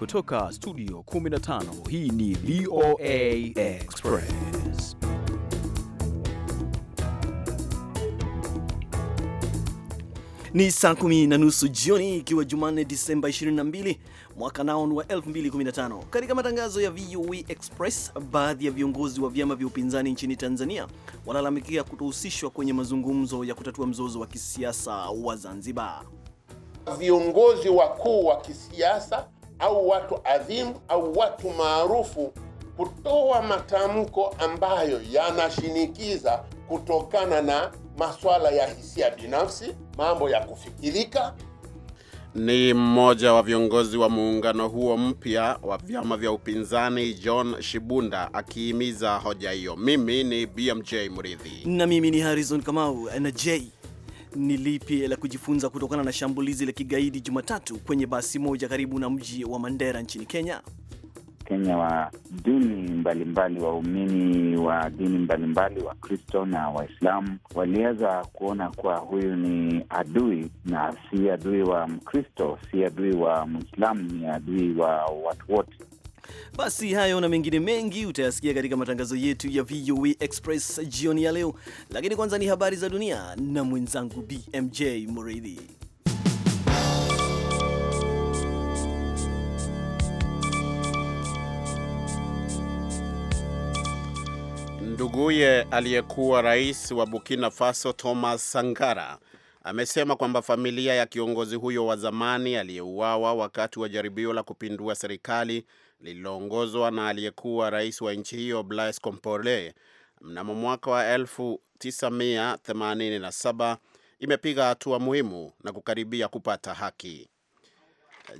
Kutoka studio 15 hii ni VOA Express. Ni saa kumi na nusu jioni ikiwa Jumanne Disemba 22 mwaka ni wa 2015. Katika matangazo ya VOA Express, baadhi ya viongozi wa vyama vya upinzani nchini Tanzania wanalalamikia kutohusishwa kwenye mazungumzo ya kutatua mzozo wa kisiasa wa Zanzibar. Viongozi wakuu wa kisiasa au watu adhimu au watu maarufu kutoa matamko ambayo yanashinikiza kutokana na masuala ya hisia binafsi, mambo ya kufikirika. Ni mmoja wa viongozi wa muungano huo mpya wa vyama vya upinzani John Shibunda akihimiza hoja hiyo. Mimi ni BMJ Mridhi na mimi ni Harrison Kamau na J ni lipi la kujifunza kutokana na shambulizi la kigaidi Jumatatu kwenye basi moja karibu na mji wa Mandera nchini Kenya? Kenya wa dini mbalimbali, waumini wa dini mbalimbali, Wakristo na Waislamu waliweza kuona kuwa huyu ni adui, na si adui wa Mkristo, si adui wa Mwislamu, ni adui wa watu wote. Basi hayo na mengine mengi utayasikia katika matangazo yetu ya VOA Express jioni ya leo, lakini kwanza ni habari za dunia na mwenzangu BMJ Muridhi. Nduguye aliyekuwa rais wa Burkina Faso Thomas Sankara amesema kwamba familia ya kiongozi huyo wa zamani aliyeuawa wakati wa jaribio la kupindua serikali lililoongozwa na aliyekuwa rais wa nchi hiyo Blaise Compaore mnamo mwaka wa 1987 imepiga hatua muhimu na kukaribia kupata haki.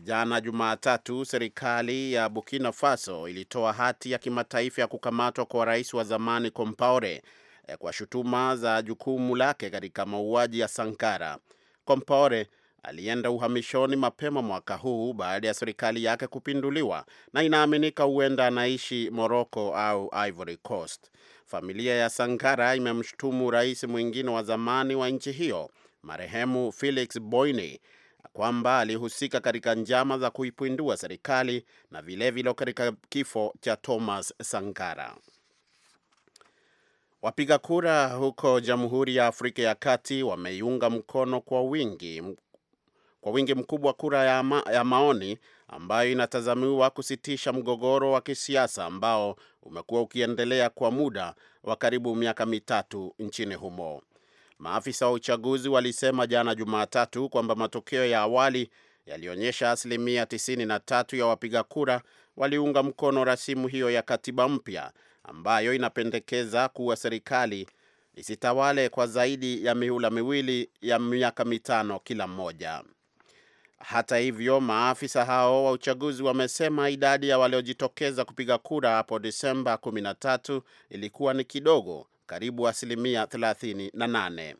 Jana Jumatatu, serikali ya Burkina Faso ilitoa hati ya kimataifa ya kukamatwa kwa rais wa zamani Compaore eh, kwa shutuma za jukumu lake katika mauaji ya Sankara. Compaore alienda uhamishoni mapema mwaka huu baada ya serikali yake kupinduliwa na inaaminika huenda anaishi Morocco au Ivory Coast. Familia ya Sankara imemshutumu rais mwingine wa zamani wa nchi hiyo marehemu Felix Boigny kwamba alihusika katika njama za kuipindua serikali na vilevile katika kifo cha Thomas Sankara. Wapiga kura huko Jamhuri ya Afrika ya Kati wameiunga mkono kwa wingi kwa wingi mkubwa kura ya, ma, ya maoni ambayo inatazamiwa kusitisha mgogoro wa kisiasa ambao umekuwa ukiendelea kwa muda wa karibu miaka mitatu nchini humo. Maafisa wa uchaguzi walisema jana Jumatatu kwamba matokeo ya awali yalionyesha asilimia 93 ya wapiga kura waliunga mkono rasimu hiyo ya katiba mpya ambayo inapendekeza kuwa serikali isitawale kwa zaidi ya mihula miwili ya miaka mitano kila mmoja. Hata hivyo, maafisa hao wa uchaguzi wamesema idadi ya waliojitokeza kupiga kura hapo Disemba 13 ilikuwa ni kidogo, karibu asilimia 38.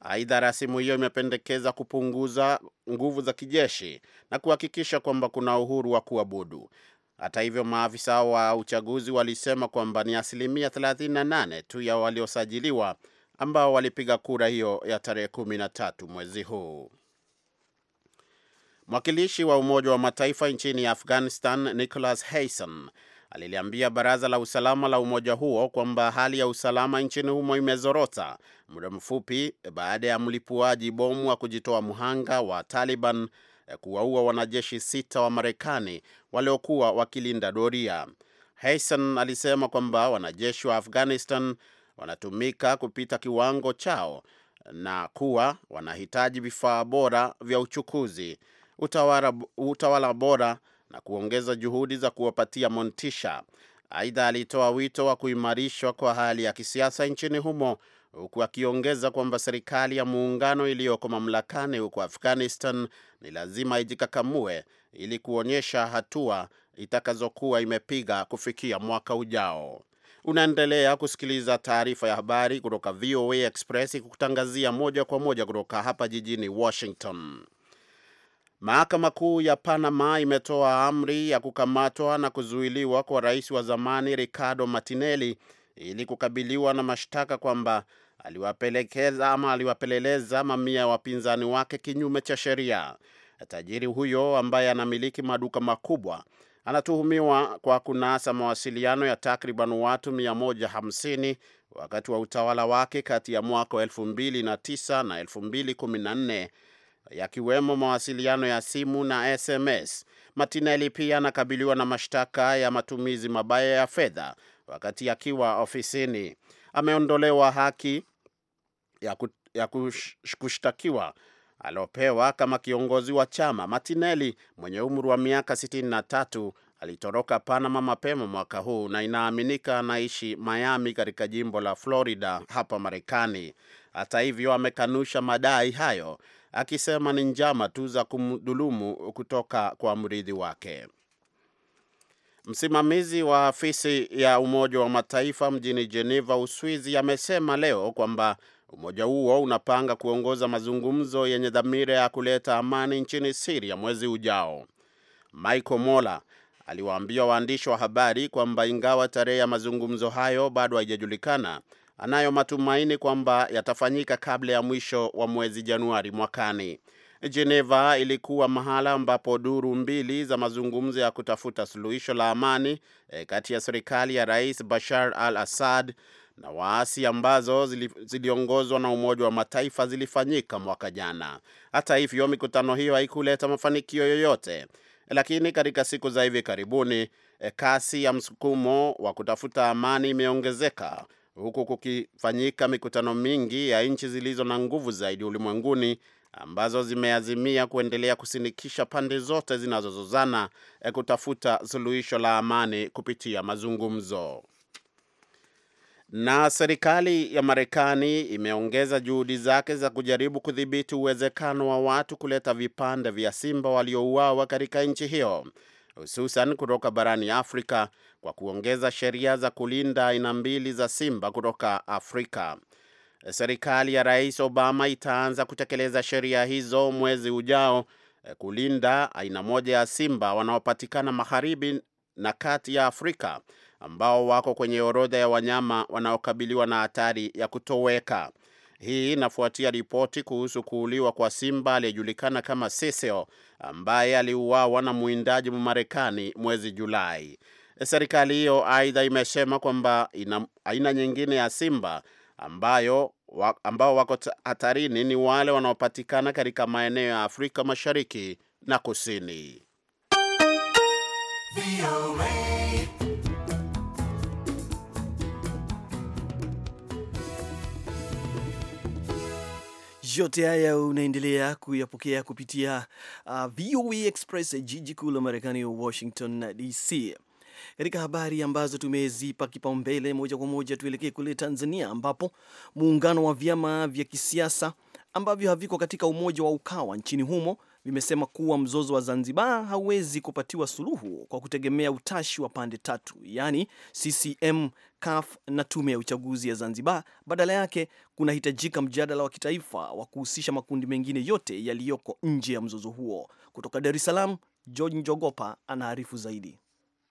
Aidha, rasimu hiyo imependekeza kupunguza nguvu za kijeshi na kuhakikisha kwamba kuna uhuru wa kuabudu. Hata hivyo, maafisa wa uchaguzi walisema kwamba ni asilimia 38 tu ya waliosajiliwa ambao walipiga kura hiyo ya tarehe 13 mwezi huu. Mwakilishi wa Umoja wa Mataifa nchini Afghanistan Nicholas Hayson aliliambia baraza la usalama la umoja huo kwamba hali ya usalama nchini humo imezorota muda mfupi baada ya mlipuaji bomu wa kujitoa mhanga wa Taliban kuwaua wanajeshi sita wa Marekani waliokuwa wakilinda doria. Hayson alisema kwamba wanajeshi wa Afghanistan wanatumika kupita kiwango chao na kuwa wanahitaji vifaa bora vya uchukuzi utawala, utawala bora na kuongeza juhudi za kuwapatia montisha. Aidha, alitoa wito wa kuimarishwa kwa hali ya kisiasa nchini humo huku akiongeza kwamba serikali ya muungano iliyoko mamlakani huko Afghanistan ni lazima ijikakamue ili kuonyesha hatua itakazokuwa imepiga kufikia mwaka ujao. Unaendelea kusikiliza taarifa ya habari kutoka VOA Express, kutangazia moja kwa moja kutoka hapa jijini Washington. Mahakama Kuu ya Panama imetoa amri ya kukamatwa na kuzuiliwa kwa rais wa zamani Ricardo Martinelli ili kukabiliwa na mashtaka kwamba aliwapelekeza ama aliwapeleleza mamia ya wapinzani wake kinyume cha sheria. Tajiri huyo ambaye anamiliki maduka makubwa anatuhumiwa kwa kunasa mawasiliano ya takriban watu 150 wakati wa utawala wake kati ya mwaka wa 2009 na 2014 yakiwemo mawasiliano ya simu na SMS. Martinelli pia anakabiliwa na mashtaka ya matumizi mabaya ya fedha wakati akiwa ofisini. Ameondolewa haki ya, kushtakiwa aliopewa kama kiongozi wa chama. Martinelli mwenye umri wa miaka 63 alitoroka Panama mapema mwaka huu na inaaminika anaishi Miami katika jimbo la Florida hapa Marekani. Hata hivyo, amekanusha madai hayo akisema ni njama tu za kumdhulumu kutoka kwa mrithi wake. Msimamizi wa afisi ya Umoja wa Mataifa mjini Geneva, Uswizi, amesema leo kwamba umoja huo unapanga kuongoza mazungumzo yenye dhamira ya kuleta amani nchini Siria mwezi ujao. Michael Mola aliwaambia waandishi wa habari kwamba ingawa tarehe ya mazungumzo hayo bado haijajulikana, anayo matumaini kwamba yatafanyika kabla ya mwisho wa mwezi Januari mwakani. Geneva ilikuwa mahala ambapo duru mbili za mazungumzo ya kutafuta suluhisho la amani e, kati ya serikali ya Rais Bashar al-Assad na waasi ambazo ziliongozwa na Umoja wa Mataifa zilifanyika mwaka jana. Hata hivyo, mikutano hiyo haikuleta mafanikio yoyote, lakini katika siku za hivi karibuni e, kasi ya msukumo wa kutafuta amani imeongezeka huku kukifanyika mikutano mingi ya nchi zilizo na nguvu zaidi ulimwenguni ambazo zimeazimia kuendelea kusindikisha pande zote zinazozozana e, kutafuta suluhisho la amani kupitia mazungumzo. Na serikali ya Marekani imeongeza juhudi zake za kujaribu kudhibiti uwezekano wa watu kuleta vipande vya simba waliouawa katika nchi hiyo, hususan kutoka barani Afrika kwa kuongeza sheria za kulinda aina mbili za simba kutoka Afrika. Serikali ya Rais Obama itaanza kutekeleza sheria hizo mwezi ujao eh, kulinda aina moja ya simba wanaopatikana magharibi na kati ya Afrika ambao wako kwenye orodha ya wanyama wanaokabiliwa na hatari ya kutoweka. Hii inafuatia ripoti kuhusu kuuliwa kwa simba aliyejulikana kama Cecil ambaye aliuawa na mwindaji Mmarekani mwezi Julai. Serikali hiyo aidha imesema kwamba ina aina nyingine ya simba ambayo wa, ambao wako hatarini ni wale wanaopatikana katika maeneo ya Afrika Mashariki na Kusini. Yote haya unaendelea kuyapokea kupitia uh, VOA e Express, jiji kuu la Marekani, Washington DC. Katika habari ambazo tumezipa kipaumbele moja kwa moja, tuelekee kule Tanzania ambapo muungano wa vyama vya kisiasa ambavyo haviko katika umoja wa Ukawa nchini humo vimesema kuwa mzozo wa Zanzibar hauwezi kupatiwa suluhu kwa kutegemea utashi wa pande tatu, yaani CCM, CAF na tume ya uchaguzi ya Zanzibar. Badala yake kunahitajika mjadala wa kitaifa wa kuhusisha makundi mengine yote yaliyoko nje ya mzozo huo. Kutoka Dar es Salaam, George Njogopa anaarifu zaidi.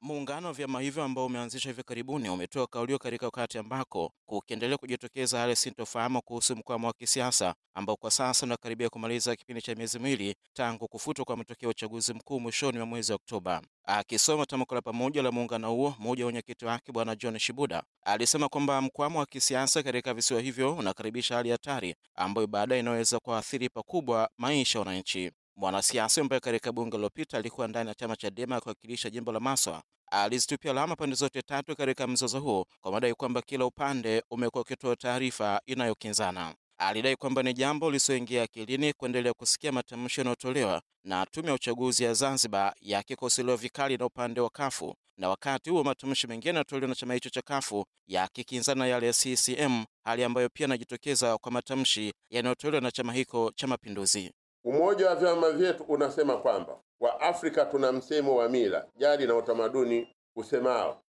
Muungano wa vyama hivyo ambao umeanzishwa hivi karibuni umetoa kaulio katika wakati ambako kukiendelea kujitokeza hali sintofahamu kuhusu mkwamo wa kisiasa ambao kwa sasa unakaribia kumaliza kipindi cha miezi miwili tangu kufutwa kwa matokeo ya uchaguzi mkuu mwishoni mwa mwezi wa Oktoba. Akisoma tamko la pamoja la muungano huo, mmoja wa wenyekiti wake Bwana John Shibuda alisema kwamba mkwamo wa kisiasa katika visiwa hivyo unakaribisha hali hatari ambayo baadaye inaweza kuathiri pakubwa maisha ya wananchi mwanasiasa ambaye katika bunge lililopita alikuwa ndani ya chama cha Dema kuwakilisha jimbo la Maswa alizitupia lawama pande zote tatu katika mzozo huo kwa madai kwamba kila upande umekuwa ukitoa taarifa inayokinzana. Alidai kwamba ni jambo lisioingia akilini kuendelea kusikia matamshi yanayotolewa na tume ya uchaguzi ya Zanzibar yakikosolewa vikali na upande wa Kafu, na wakati huo matamshi mengine yanatolewa na chama hicho cha Kafu yakikinzana yale ya CCM, hali ambayo pia inajitokeza kwa matamshi yanayotolewa na chama hicho cha Mapinduzi. Umoja wa vyama vyetu unasema kwamba Waafrika tuna msemo wa mila, jadi na utamaduni usemao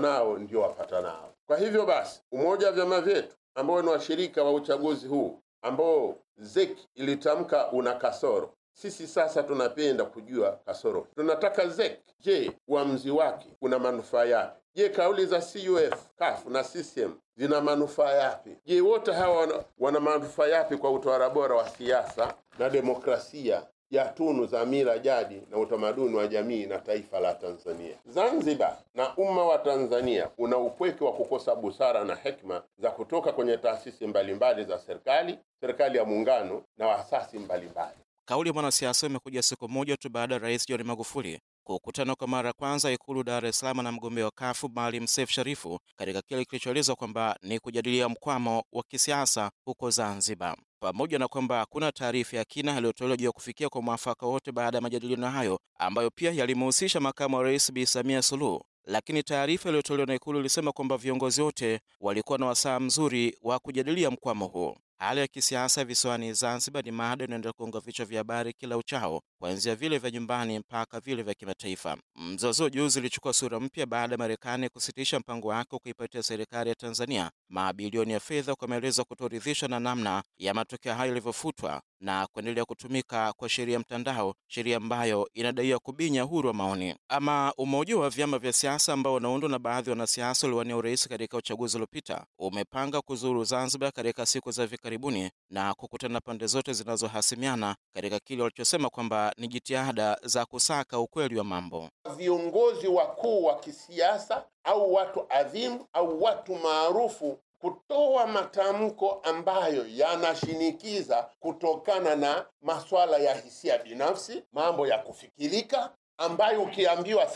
nao ndio nao Kwa hivyo basi, umoja wa vyama vyetu ambao ni washirika wa uchaguzi huu ambao ZEC ilitamka una kasoro, sisi sasa tunapenda kujua kasoro. Tunataka ZEC, je, uamzi wake una manufaa yapi? Je, kauli za CUF, CUF na CCM zina manufaa yapi? Je, wote hawa wana, wana manufaa yapi kwa utawala bora wa siasa na demokrasia ya tunu za mila jadi na utamaduni wa jamii na taifa la Tanzania. Zanzibar na umma wa Tanzania una upweke wa kukosa busara na hekima za kutoka kwenye taasisi mbalimbali za serikali, serikali ya muungano na asasi mbalimbali. Kauli ya mwanasiasa imekuja siku moja tu baada ya Rais John Magufuli kukutana kwa mara ya kwanza Ikulu Dar es Salaam na mgombea wa kafu Maalim Seif Sharifu katika kile kilichoelezwa kwamba ni kujadilia mkwamo wa kisiasa huko Zanzibar, pamoja na kwamba hakuna taarifa ya kina yaliyotolewa juu ya kufikia kwa mwafaka wote baada ya majadiliano hayo ambayo pia yalimhusisha makamu wa rais Bi Samia Suluhu. Lakini taarifa iliyotolewa na Ikulu ilisema kwamba viongozi wote walikuwa na wasaa mzuri wa kujadilia mkwamo huo. Hali ya kisiasa visiwani Zanzibar ni mada inaendelea kuunga vichwa vya habari kila uchao, kuanzia vile vya nyumbani mpaka vile vya kimataifa. Mzozo juzi ulichukua sura mpya baada ya Marekani kusitisha mpango wake kuipatia serikali ya Tanzania mabilioni ya fedha kwa maelezo kutoridhishwa na namna ya matokeo hayo yalivyofutwa na kuendelea kutumika kwa sheria mtandao, sheria ambayo inadaiwa kubinya uhuru wa maoni. Ama umoja wa vyama vya siasa ambao unaundwa na baadhi ya wanasiasa waliowania urais katika uchaguzi uliopita umepanga kuzuru Zanzibar katika siku za karibuni na kukutana pande zote zinazohasimiana katika kile walichosema kwamba ni jitihada za kusaka ukweli wa mambo. Viongozi wakuu wa kisiasa au watu adhimu au watu maarufu kutoa matamko ambayo yanashinikiza kutokana na masuala ya hisia binafsi, mambo ya kufikirika, ambayo ukiambiwa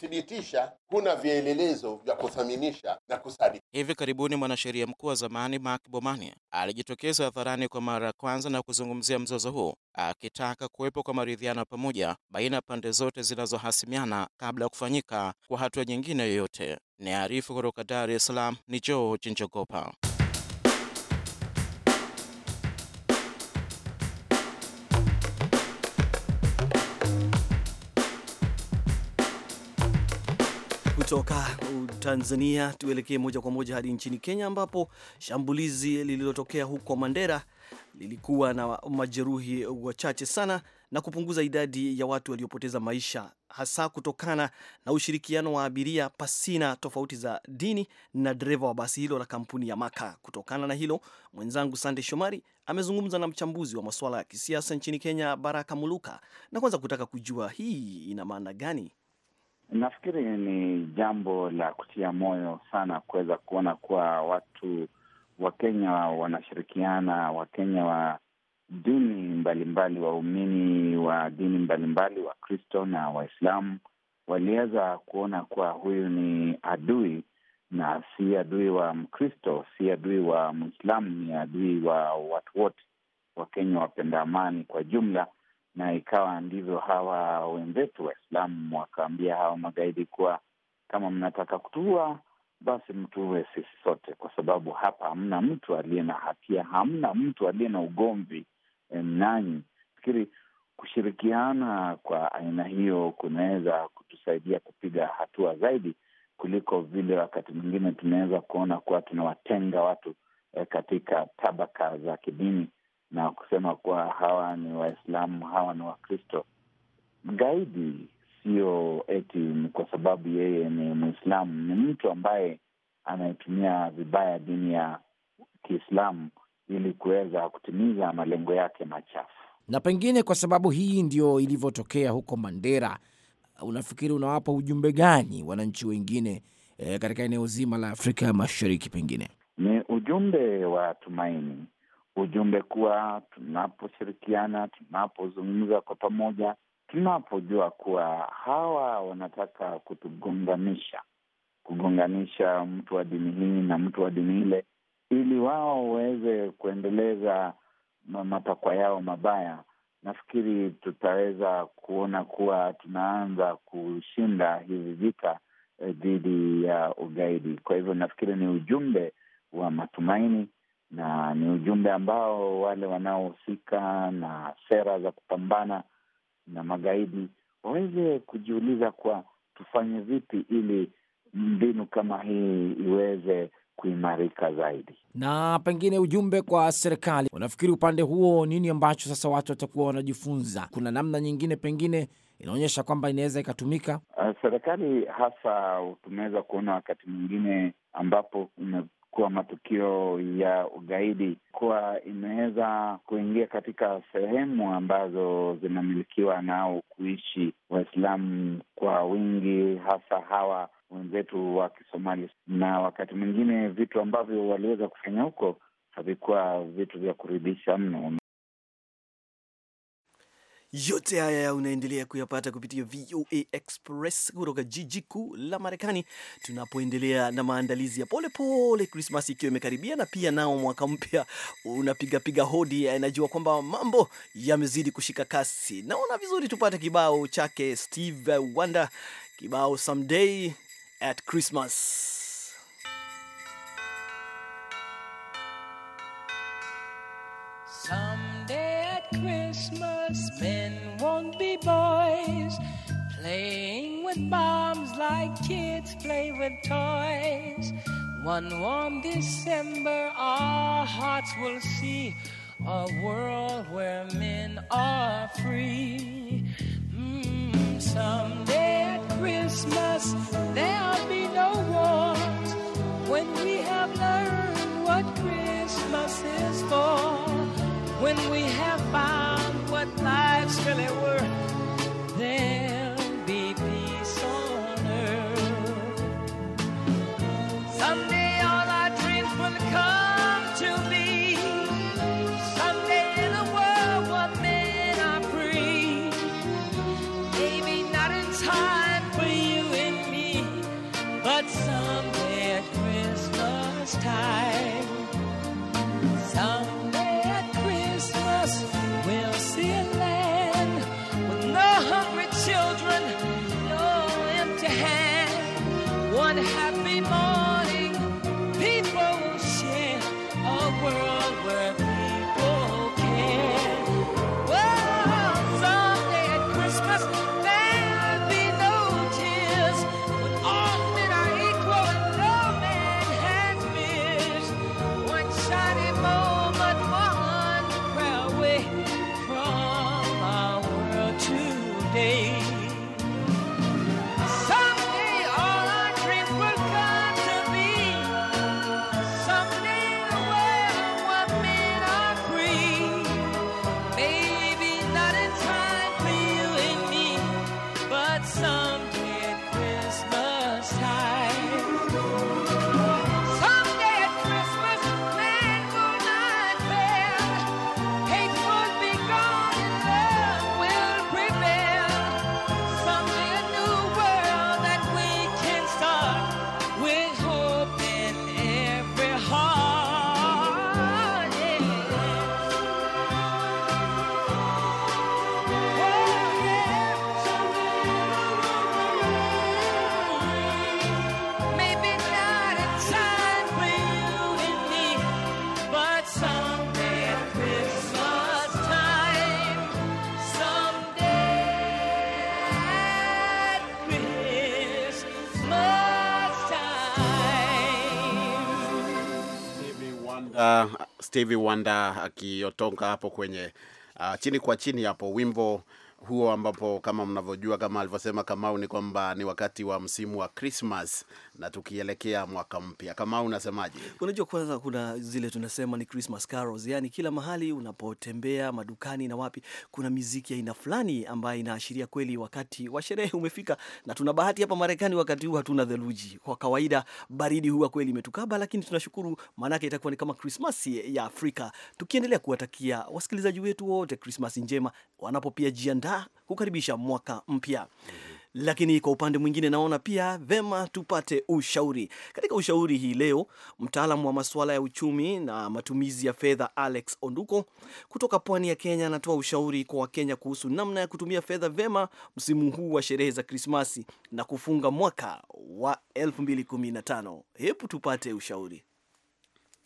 thibitisha, kuna vielelezo vya kuthaminisha na kusadiki. Hivi karibuni mwanasheria mkuu wa zamani Mark Bomani alijitokeza hadharani kwa mara ya kwanza na kuzungumzia mzozo huu, akitaka kuwepo kwa maridhiano pamoja baina ya pande zote zinazohasimiana kabla ya kufanyika kwa hatua nyingine yoyote. Ni arifu kutoka Dar es Salaam ni George Njogopa. Kutoka Tanzania tuelekee moja kwa moja hadi nchini Kenya, ambapo shambulizi lililotokea huko Mandera lilikuwa na majeruhi wachache sana na kupunguza idadi ya watu waliopoteza maisha, hasa kutokana na ushirikiano wa abiria pasina tofauti za dini na dereva wa basi hilo la kampuni ya Maka. Kutokana na hilo, mwenzangu Sande Shomari amezungumza na mchambuzi wa masuala ya kisiasa nchini Kenya, Baraka Muluka, na kwanza kutaka kujua hii ina maana gani. Nafikiri ni jambo la kutia moyo sana kuweza kuona kuwa watu Wakenya wanashirikiana, Wakenya wa dini mbalimbali, waumini wa dini mbalimbali, Wakristo na Waislamu waliweza kuona kuwa huyu ni adui na si adui wa Mkristo, si adui wa Mwislamu, ni adui wa watu wote. Wakenya wapenda amani kwa jumla na ikawa ndivyo hawa wenzetu Waislamu wakaambia hawa magaidi kuwa kama mnataka kutuua basi mtuue sisi sote, kwa sababu hapa hamna mtu aliye na hatia, hamna mtu aliye na ugomvi e, nanyi. Fikiri kushirikiana kwa aina hiyo kunaweza kutusaidia kupiga hatua zaidi kuliko vile wakati mwingine tunaweza kuona kuwa tunawatenga watu e, katika tabaka za kidini na kusema kuwa hawa ni Waislamu, hawa ni Wakristo. Gaidi sio eti kwa sababu yeye ni Mwislamu, ni mtu ambaye anayetumia vibaya dini ya Kiislamu ili kuweza kutimiza malengo yake machafu. Na pengine kwa sababu hii ndio ilivyotokea huko Mandera, unafikiri unawapa ujumbe gani wananchi wengine e, katika eneo zima la Afrika Mashariki? Pengine ni ujumbe wa tumaini ujumbe kuwa tunaposhirikiana, tunapozungumza kwa pamoja, tunapojua kuwa hawa wanataka kutugonganisha, kugonganisha mtu wa dini hii na mtu wa dini ile, ili wao waweze kuendeleza matakwa yao mabaya, nafikiri tutaweza kuona kuwa tunaanza kushinda hivi vita eh, dhidi ya ugaidi. Kwa hivyo nafikiri ni ujumbe wa matumaini na ni ujumbe ambao wale wanaohusika na sera za kupambana na magaidi waweze kujiuliza kwa tufanye vipi ili mbinu kama hii iweze kuimarika zaidi. Na pengine ujumbe kwa serikali, unafikiri upande huo nini ambacho sasa watu watakuwa wanajifunza? Kuna namna nyingine pengine inaonyesha kwamba inaweza ikatumika. Uh, serikali hasa tumeweza kuona wakati mwingine ambapo kuwa matukio ya ugaidi kuwa imeweza kuingia katika sehemu ambazo zinamilikiwa nao kuishi Waislamu kwa wingi, hasa hawa wenzetu wa Kisomali, na wakati mwingine vitu ambavyo waliweza kufanya huko havikuwa vitu vya kuridhisha mno. Yote haya unaendelea kuyapata kupitia VOA Express kutoka jiji kuu la Marekani, tunapoendelea na maandalizi ya polepole Krismasi ikiwa imekaribia na pia nao mwaka mpya unapigapiga hodi. Anajua eh, kwamba mambo yamezidi kushika kasi. Naona vizuri tupate kibao chake Steve Wonder, kibao someday at Christmas. Someday at Christmas us men won't be boys, playing with bombs like kids play with toys. One warm December, our hearts will see a world where men are free. Mm, someday at Christmas, there'll be no wars when we have learned what Christmas is for, when we have found it's really work. a world where Stevie Wonder akiotonga hapo kwenye uh, chini kwa chini hapo wimbo huo ambapo kama mnavyojua, kama alivyosema Kamau, ni kwamba ni wakati wa msimu wa Christmas na tukielekea mwaka mpya. Kamau, unasemaje? Unajua, kwanza kuna zile tunasema ni Christmas carols, yani kila mahali unapotembea madukani na wapi, kuna miziki aina fulani ambayo inaashiria kweli wakati wa sherehe umefika. Na tuna bahati hapa Marekani, wakati huu hatuna theluji. Kwa kawaida baridi huwa kweli imetukaba, lakini tunashukuru, maanake itakuwa ni kama Christmas ya Afrika, tukiendelea kuwatakia wasikilizaji wetu wote Christmas njema wanapopia jianda kujiandaa kukaribisha mwaka mpya Lakini kwa upande mwingine naona pia vema tupate ushauri. Katika ushauri hii leo, mtaalamu wa masuala ya uchumi na matumizi ya fedha Alex Onduko kutoka pwani ya Kenya anatoa ushauri kwa Wakenya kuhusu namna ya kutumia fedha vema msimu huu wa sherehe za Krismasi na kufunga mwaka wa 2015. Hebu tupate ushauri.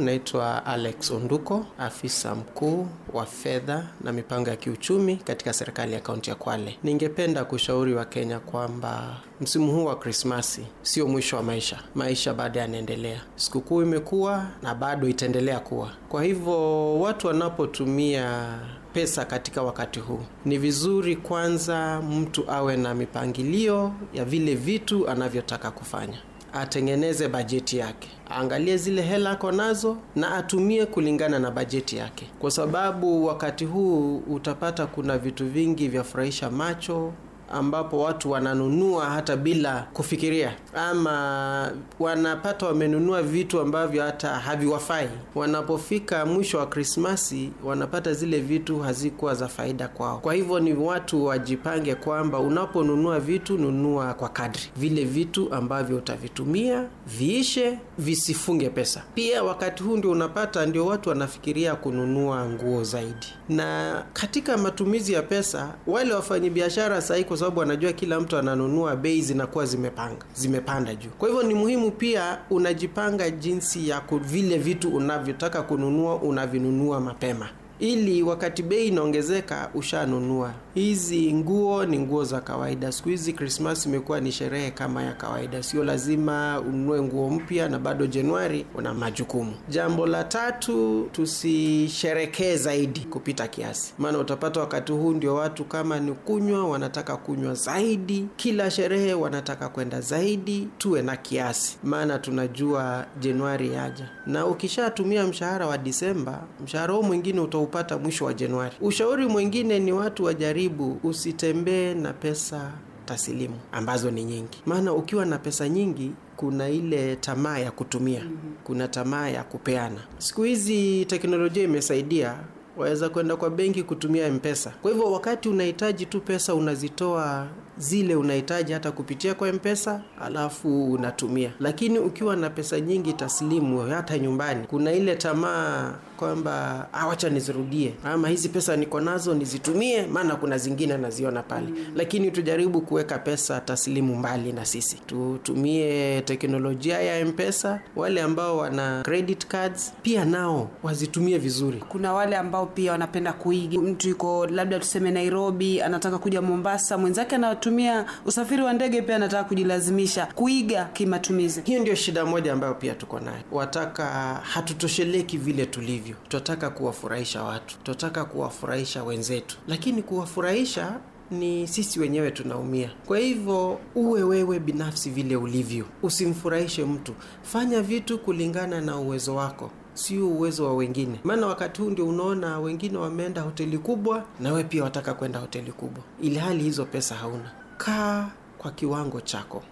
Naitwa Alex Onduko, afisa mkuu wa fedha na mipango ya kiuchumi katika serikali ya kaunti ya Kwale. Ningependa kushauri Wakenya kwamba msimu huu wa Krismasi sio mwisho wa maisha, maisha bado yanaendelea. Sikukuu imekuwa na bado itaendelea kuwa. Kwa hivyo watu wanapotumia pesa katika wakati huu ni vizuri kwanza mtu awe na mipangilio ya vile vitu anavyotaka kufanya atengeneze bajeti yake, aangalie zile hela ako nazo na atumie kulingana na bajeti yake, kwa sababu wakati huu utapata kuna vitu vingi vya furahisha macho ambapo watu wananunua hata bila kufikiria, ama wanapata wamenunua vitu ambavyo hata haviwafai. Wanapofika mwisho wa Krismasi, wanapata zile vitu hazikuwa za faida kwao. Kwa hivyo ni watu wajipange kwamba unaponunua vitu, nunua kwa kadri, vile vitu ambavyo utavitumia viishe, visifunge pesa. Pia wakati huu ndio unapata, ndio watu wanafikiria kununua nguo zaidi, na katika matumizi ya pesa, wale wafanyibiashara sahii kwa sababu anajua kila mtu ananunua, bei zinakuwa zimepanga zimepanda juu. Kwa hivyo ni muhimu pia unajipanga jinsi ya vile vitu unavyotaka kununua unavinunua mapema ili wakati bei inaongezeka ushanunua. Hizi nguo ni nguo za kawaida. Siku hizi Krismas imekuwa ni sherehe kama ya kawaida, sio lazima ununue nguo mpya na bado Januari una majukumu. Jambo la tatu, tusisherekee zaidi kupita kiasi, maana utapata wakati huu ndio watu kama ni kunywa, wanataka kunywa zaidi, kila sherehe wanataka kwenda zaidi. Tuwe na kiasi, maana tunajua Januari yaja, na ukishatumia mshahara wa Disemba, mshahara huu mwingine uto tutaupata mwisho wa Januari. Ushauri mwingine ni watu wajaribu usitembee na pesa taslimu ambazo ni nyingi, maana ukiwa na pesa nyingi kuna ile tamaa ya kutumia, mm-hmm. kuna tamaa ya kupeana. Siku hizi teknolojia imesaidia waweza kwenda kwa benki kutumia mpesa. Kwa hivyo wakati unahitaji tu pesa unazitoa zile unahitaji hata kupitia kwa mpesa, alafu unatumia. Lakini ukiwa na pesa nyingi taslimu, hata nyumbani, kuna ile tamaa kwamba awacha ah, nizirudie, ama hizi pesa niko nazo nizitumie, maana kuna zingine naziona pale. Mm. Lakini tujaribu kuweka pesa taslimu mbali na sisi, tutumie teknolojia ya mpesa. Wale ambao wana credit cards pia nao wazitumie vizuri. Kuna wale ambao wao pia wanapenda kuiga. Mtu yuko labda tuseme Nairobi, anataka kuja Mombasa, mwenzake anatumia usafiri wa ndege, pia anataka kujilazimisha kuiga kimatumizi. Hiyo ndio shida moja ambayo pia tuko nayo, wataka hatutosheleki vile tulivyo. Tunataka kuwafurahisha watu, tunataka kuwafurahisha wenzetu, lakini kuwafurahisha ni sisi wenyewe tunaumia. Kwa hivyo uwe wewe binafsi vile ulivyo, usimfurahishe mtu. Fanya vitu kulingana na uwezo wako sio uwezo wa wengine. Maana wakati huu ndio unaona wengine wameenda hoteli kubwa, na wewe pia wataka kwenda hoteli kubwa, ili hali hizo pesa hauna. Kaa kwa kiwango chako.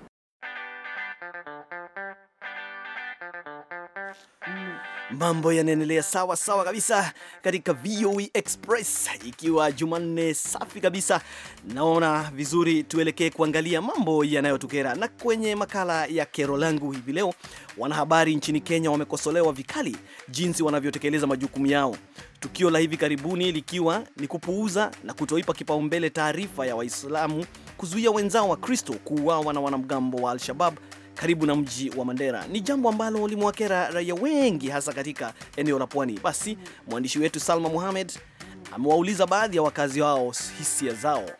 Mambo yanaendelea sawa sawa kabisa katika VOE Express, ikiwa Jumanne safi kabisa. Naona vizuri, tuelekee kuangalia mambo yanayotukera. Na kwenye makala ya kero langu hivi leo, wanahabari nchini Kenya wamekosolewa vikali jinsi wanavyotekeleza majukumu yao, tukio la hivi karibuni likiwa ni kupuuza na kutoipa kipaumbele taarifa ya Waislamu kuzuia wenzao wa Kristo kuuawa na wanamgambo wa Al-Shabab karibu na mji wa Mandera ni jambo ambalo limewakera raia wengi, hasa katika eneo la pwani. Basi mwandishi wetu Salma muhamed amewauliza baadhi ya wakazi wao hisia zao.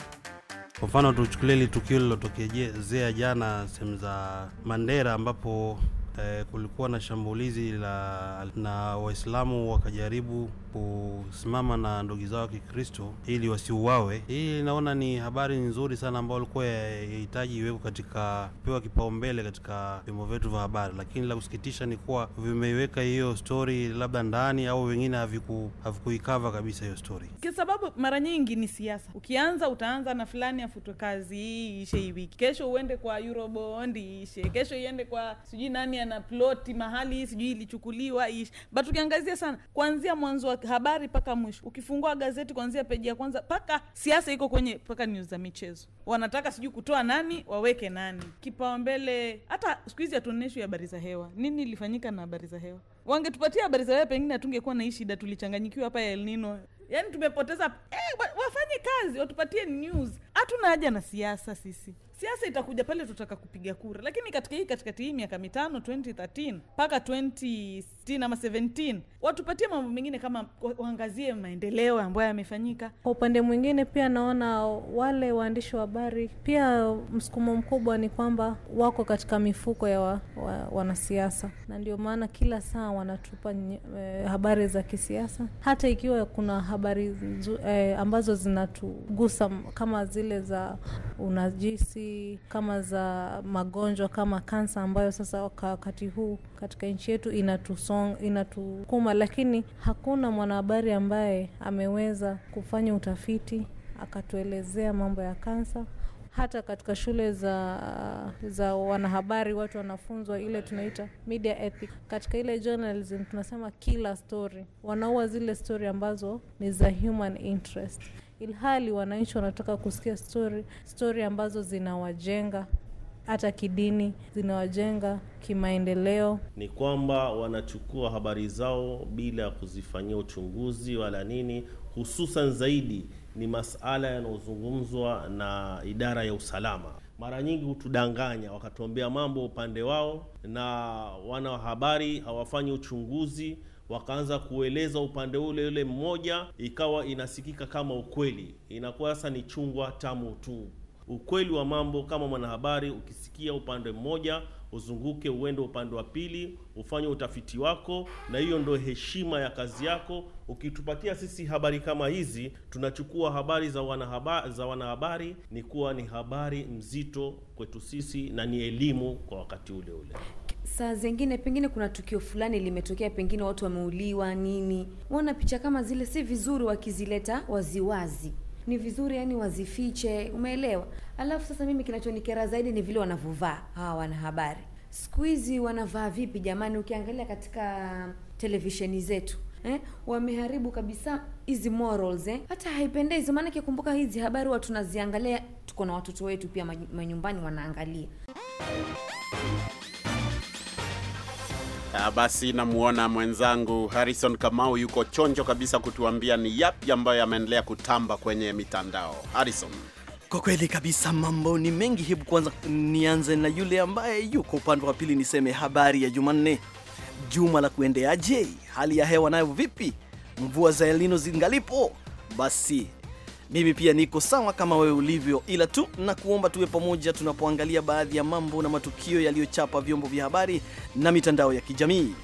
Kwa mfano tuchukulie tukio lilotokezea jana sehemu za Mandera ambapo eh, kulikuwa na shambulizi la, na Waislamu wakajaribu kusimama na ndugu zao wa Kikristo ili wasiuawe. Hii naona ni habari nzuri sana ambayo ilikuwa yahitaji iwekwe katika pewa kipaumbele katika vyombo vyetu vya habari, lakini la kusikitisha ni kuwa vimeiweka hiyo story labda ndani au wengine havikuikava kabisa hiyo story, kwa sababu mara nyingi ni siasa. Ukianza utaanza na fulani afutwe kazi ishe hii wiki, kesho uende kwa Eurobond, ishe, kesho iende kwa sijui nani Tanzania na ploti mahali hii sijui ilichukuliwa ishi, bat ukiangazia sana kuanzia mwanzo wa habari mpaka mwisho, ukifungua gazeti kuanzia peji ya kwanza mpaka siasa iko kwenye mpaka news za michezo, wanataka sijui kutoa nani waweke nani kipaumbele. Hata siku hizi hatuoneshwi habari za hewa, nini ilifanyika na habari za hewa. Wangetupatia habari za hewa, pengine hatungekuwa na hii shida tulichanganyikiwa hapa ya elnino Nino. Yani tumepoteza eh, wafanye kazi watupatie news hatuna haja na siasa sisi siasa itakuja pale tutaka kupiga kura lakini katika hii katikati hii miaka mitano 2013 mpaka 2016 ama 17 watupatie mambo mengine kama waangazie maendeleo ambayo yamefanyika kwa upande mwingine pia naona wale waandishi wa habari pia msukumo mkubwa ni kwamba wako katika mifuko ya wa, wa, wanasiasa na ndio maana kila saa wanatupa nye, e, habari za kisiasa hata ikiwa kuna habari e, ambazo zinatugusa kama zi zile za unajisi kama za magonjwa kama kansa, ambayo sasa wakati huu katika nchi yetu inatusong, inatukuma, lakini hakuna mwanahabari ambaye ameweza kufanya utafiti akatuelezea mambo ya kansa hata katika shule za za wanahabari watu wanafunzwa ile tunaita media Katika ile journalism tunasema kila story, wanaua zile story ambazo ni za human interest ilhali wananchi wanataka kusikia stori, stori ambazo zinawajenga hata kidini, zinawajenga kimaendeleo. Ni kwamba wanachukua habari zao bila kuzifanyia uchunguzi wala nini, hususan zaidi ni masala yanayozungumzwa na idara ya usalama. Mara nyingi hutudanganya, wakatuambia mambo upande wao, na wana habari hawafanyi uchunguzi wakaanza kueleza upande ule ule mmoja, ikawa inasikika kama ukweli, inakuwa sasa ni chungwa tamu tu. Ukweli wa mambo kama mwanahabari, ukisikia upande mmoja uzunguke uende upande wa pili ufanye utafiti wako, na hiyo ndio heshima ya kazi yako. Ukitupatia sisi habari kama hizi, tunachukua habari za wanahabari, za wanahabari ni kuwa ni habari mzito kwetu sisi na ni elimu kwa wakati ule ule saa zingine pengine kuna tukio fulani limetokea, pengine watu wameuliwa nini, wana picha kama zile si vizuri wakizileta waziwazi ni vizuri yani wazifiche, umeelewa? Alafu sasa mimi kinachonikera zaidi ni vile wanavyovaa hawa wanahabari siku hizi. Wanavaa vipi jamani? Ukiangalia katika televisheni zetu eh, wameharibu kabisa hizi morals eh. Hata haipendezi, maanake kumbuka hizi habari huwa tunaziangalia, tuko na watoto wetu pia manyumbani wanaangalia Ah, basi namwona mwenzangu Harrison Kamau yuko chonjo kabisa kutuambia ni yapi ambayo yameendelea kutamba kwenye mitandao. Harrison. Kwa kweli kabisa mambo ni mengi. Hebu kwanza nianze na yule ambaye yuko upande wa pili, niseme habari ya Jumanne. Juma la kuendeaje? Hali ya hewa nayo vipi? Mvua za elino zingalipo? Basi mimi pia niko sawa kama wewe ulivyo, ila tu na kuomba tuwe pamoja tunapoangalia baadhi ya mambo na matukio yaliyochapa vyombo vya habari na mitandao ya kijamii.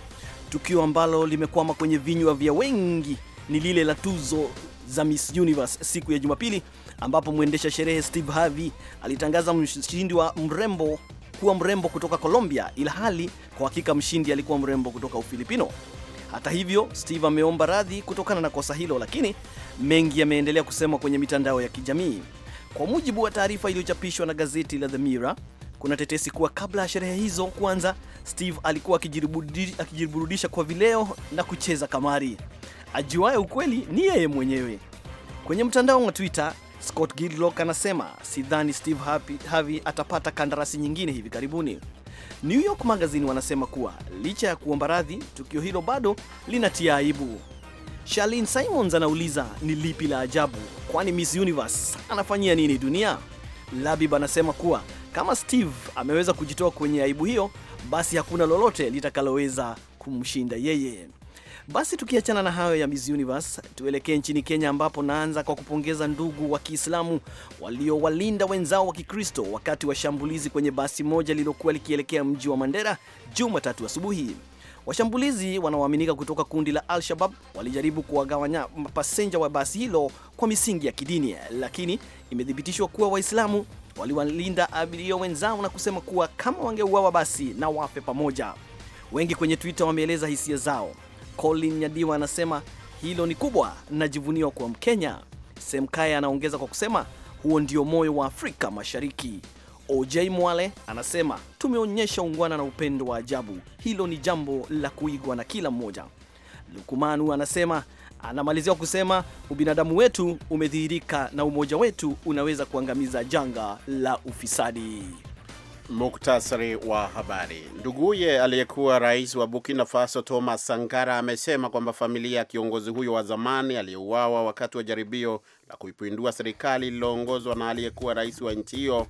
Tukio ambalo limekwama kwenye vinywa vya wengi ni lile la tuzo za Miss Universe siku ya Jumapili, ambapo mwendesha sherehe Steve Harvey alitangaza mshindi wa mrembo kuwa mrembo kutoka Colombia, ila hali kwa hakika mshindi alikuwa mrembo kutoka Ufilipino. Hata hivyo, Steve ameomba radhi kutokana na kosa hilo, lakini mengi yameendelea kusemwa kwenye mitandao ya kijamii. Kwa mujibu wa taarifa iliyochapishwa na gazeti la The Mirror, kuna tetesi kuwa kabla ya sherehe hizo kuanza, Steve alikuwa akijiburudisha kwa vileo na kucheza kamari. Ajuaye ukweli ni yeye mwenyewe. Kwenye mtandao wa Twitter, Scott Gidlock anasema sidhani Steve Harvey atapata kandarasi nyingine hivi karibuni. New York Magazine wanasema kuwa licha ya kuomba radhi, tukio hilo bado linatia aibu. Charlene Simons anauliza ni lipi la ajabu, kwani Miss Universe anafanyia nini dunia? Labib anasema kuwa kama Steve ameweza kujitoa kwenye aibu hiyo, basi hakuna lolote litakaloweza kumshinda yeye. Basi tukiachana na hayo ya Miss Universe, tuelekee nchini Kenya ambapo naanza kwa kupongeza ndugu wa Kiislamu waliowalinda wenzao wa Kikristo wakati wa shambulizi kwenye basi moja lililokuwa likielekea mji wa Mandera Jumatatu asubuhi. Washambulizi wanaoaminika kutoka kundi la Al-Shabab walijaribu kuwagawanya mapasenja wa basi hilo kwa misingi ya kidini, lakini imethibitishwa kuwa Waislamu waliwalinda abiria wenzao na kusema kuwa kama wangeuawa basi na wafe pamoja. Wengi kwenye Twitter wameeleza hisia zao. Colin Nyadiwa anasema hilo ni kubwa, najivuniwa kuwa Mkenya. Semkaya anaongeza kwa kusema huo ndio moyo wa Afrika Mashariki. OJ Mwale anasema tumeonyesha ungwana na upendo wa ajabu, hilo ni jambo la kuigwa na kila mmoja. Lukumanu anasema anamalizia kusema ubinadamu wetu umedhihirika na umoja wetu unaweza kuangamiza janga la ufisadi. Muktasari wa habari. Nduguye aliyekuwa rais wa Burkina Faso Thomas Sankara amesema kwamba familia ya kiongozi huyo wa zamani aliyeuawa wakati wa jaribio la kuipindua serikali lililoongozwa na aliyekuwa rais wa nchi hiyo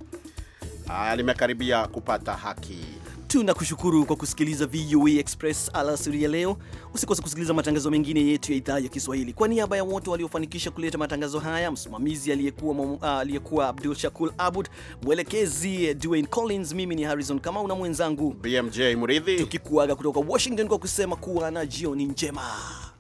ah, limekaribia kupata haki. Tunakushukuru kwa kusikiliza VOA e Express alasiri ya leo. Usikose kusikiliza matangazo mengine yetu ya idhaa ya Kiswahili. Kwa niaba ya wote waliofanikisha kuleta matangazo haya, msimamizi aliyekuwa ah, aliyekuwa Abdul Shakur Abud, mwelekezi Dwayne Collins, mimi ni Harrison Kamau na mwenzangu BMJ Muridhi, tukikuaga kutoka Washington kwa kusema kuwa na jioni njema.